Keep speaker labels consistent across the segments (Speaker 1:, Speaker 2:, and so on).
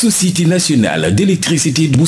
Speaker 1: société nationale d'électricité bu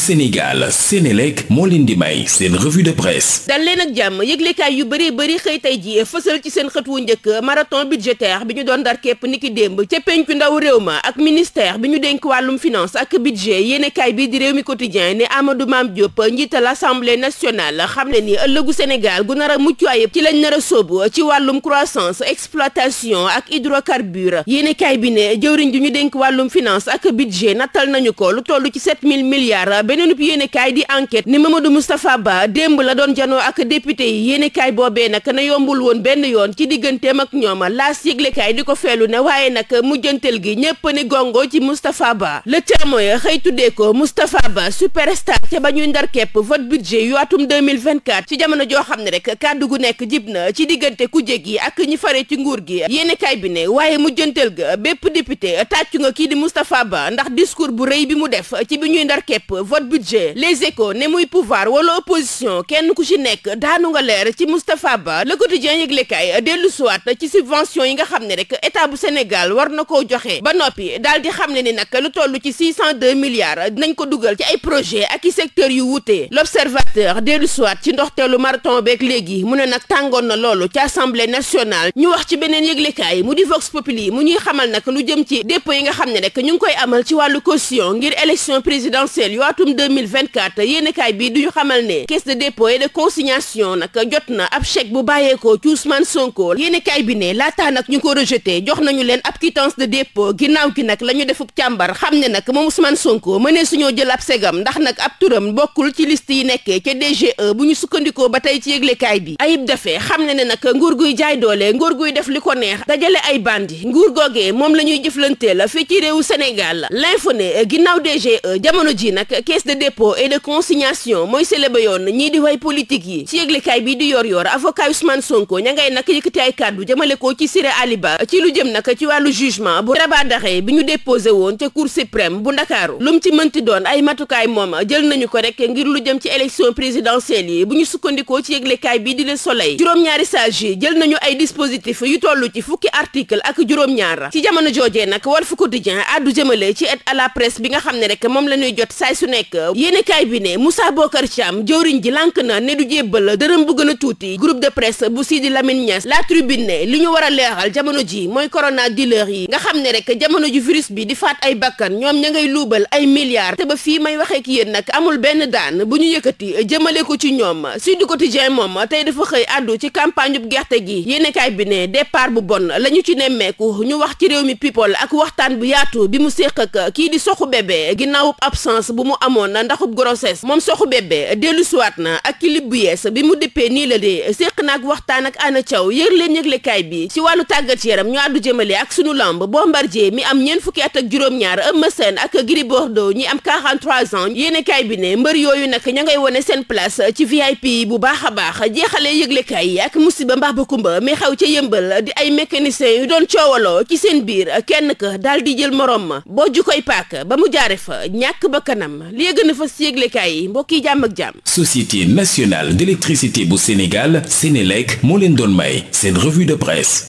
Speaker 1: dal leen ak jàmm yëglekaay yu bëree bëri xëy tey ji fësal ci seen xët wu njëkk marathon budgétaire bi ñu doon dar képp niki démb ca penku ndaw réew ma ak ministère bi ñu dénk wàllum finance ak budget yéenekaay bi di réew mi quotidien ne Amadou Mame Diop njiital Assemblée nationale xam ne ni ëllëgu Sénégal gu nar a mucc ayib ci lañ nar a sóobu ci wàllum croissance exploitation ak hydrocarbures yéenekaay bi ne jëwriñ ju ñu dénk wàllum finance ak budget defal nañu ko lu toll ci 7000 milliards beneenub yéenekaay di enquête ni Mamadou Moustapha Ba démb la doon janoo ak député yi yéenekaay boobee nag na yombul woon benn yoon ci digganteem ak ñooma laas yëglekaay di ko feelu ne waaye nag mujjantel gi ñépp ni gongoo ci Moustapha Ba le témoin xëytu dee ko Moustapha Ba superstar ca ba ñuy ndar kepp vote budget yu atum 2024 ci jamono joo xam ne rek kàddu gu nekk jib na ci diggante ku jéggi ak ñi fare ci nguur gi yéenekaay bi ne waaye mujjantel ga bépp député tàccu nga kii di Moustapha Ba erreur bu rëy bi mu def ci bi ñuy ndar képp vote budget les échos ne muy pouvoir wala opposition kenn ku ci nekk daanu nga leer ci Moustapha Ba le quotidien yëglekaay dellu suwaat ci subvention yi nga xam ne rek état bu Sénégal war na koo joxe ba noppi daal di xam ne ni nag lu toll ci six cent deux milliards dinañ ko dugal ci ay projet ak i secteurs yu wuute l'observateur dellu suwaat ci ndox ndoxteelu marathon beek léegi mu ne nag tàngoon na loolu ci assemblée national ñu wax ci beneen yëglekaay mu di mu ñuy xamal nag lu jëm ci dépôt yi nga xam ne caution ngir élection présidentielle yu atum 2024 yéenekaay bi duñu xamal ne caisse de dépôt et de consignation nag jot na ab chèque bu bàyyeekoo ci Ousmane Sonko yéenekaay bi ne laataa nag ñu ko rejeté jox nañu leen ab quittance de dépôt ginnaaw gi nag la ñu defub càmbar xam ne nag moom Ousmane Sonko mënee suñoo jël ab segam ndax nag ab turam bokkul ci list yi nekkee ca DGE bu ñu sukkandikoo ba tey ci yëglekaay bi ayib defee xam ne ne nag nguur guy jaay doole nguur guy def li ko neex dajale ay bandi nguur googee moom la ñuy jëflantee la fii ci réewu Sénégal Euh, ginnaaw DGE euh, jamono ji nag caisse de dépôt et de consignation mooy sëleba yoon ñii di way politique yi ci kaay bii di yor yor avocat Ousmane Sonko ña ngay nag yëkkati ay kàddu jëmale ko ci Siré Aliba ci lu jëm nag ci wàllu jugement bu rabat d'arrêt bi ñu déposé woon ca cour suprême bu ndakaaru lu mu ci mënti doon ay matukaay moom jël nañu ko rek ngir lu jëm ci élection présidentielle yi bu ñu sukkandikoo ci yëglekaay bii di Le Soleil juróom-ñaari sages yi jël nañu ay dispositifs yu toll ci fukki article ak juróom-ñaar ci jamono joojee nag Walf Quotidien addu jëmale ci aide à presse bi nga xam ne rek moom la ñuy jot saay su nekk yéenekaay bi ne Moussa Bokar Thiam jëwriñ ji lànk na ne du jébbal dërëm bu gën a tuuti groupe de presse bu Sidi Lamine Niass la tribune ne li ñu war leeral jamono ji mooy corona dealer yi nga xam ne rek jamono ji virus bi di faat ay bakkan ñoom ña ngay luubal ay milliards te ba fii may waxee ak yéen nag amul benn daan bu ñu yëkkati jëmale ko ci ñoom Sud Quotidien moom tey dafa xëy àddu ci campagne bu gerte gi yéenekaay bi ne départ bu bon la ñu ci nemmeeku ñu wax ci réew mi people ak waxtaan bu yaatu soxu bébé ginnaaw absence bu mu amoon ndaxub grossesse moom soxu bébé dellu siwaat na ak clip bu yees bi mu dippee nii la de séq naag waxtaan ak Anna Thiaw yër leen yëglekaay bi ci wàllu tàggat yaram ñu àddu jëmale ak sunu lamb Bombardier mi am ñeent fukki at ak juróom-ñaar Eumeu Sène ak Gris Bordeaux ñi am 43 ans yéenekaay bi ne mbër yooyu nag ña ngay wone seen place ci VIP yi bu baax a baax a jeexale yëglekaay yi ak musiba mbaax ba mi xaw ca yëmbal di ay mécaniciens yu doon coowaloo ci seen biir kenn daal di jël morom ma boo ju koy paak ba mu jaare fa ñàkk ba kanam li gën a fas yéeglekaay yi mbokk yi jàmm ak jàmm. Société nationale d'électricité bu Sénégal Sénélec moo leen doon may seen revue de presse.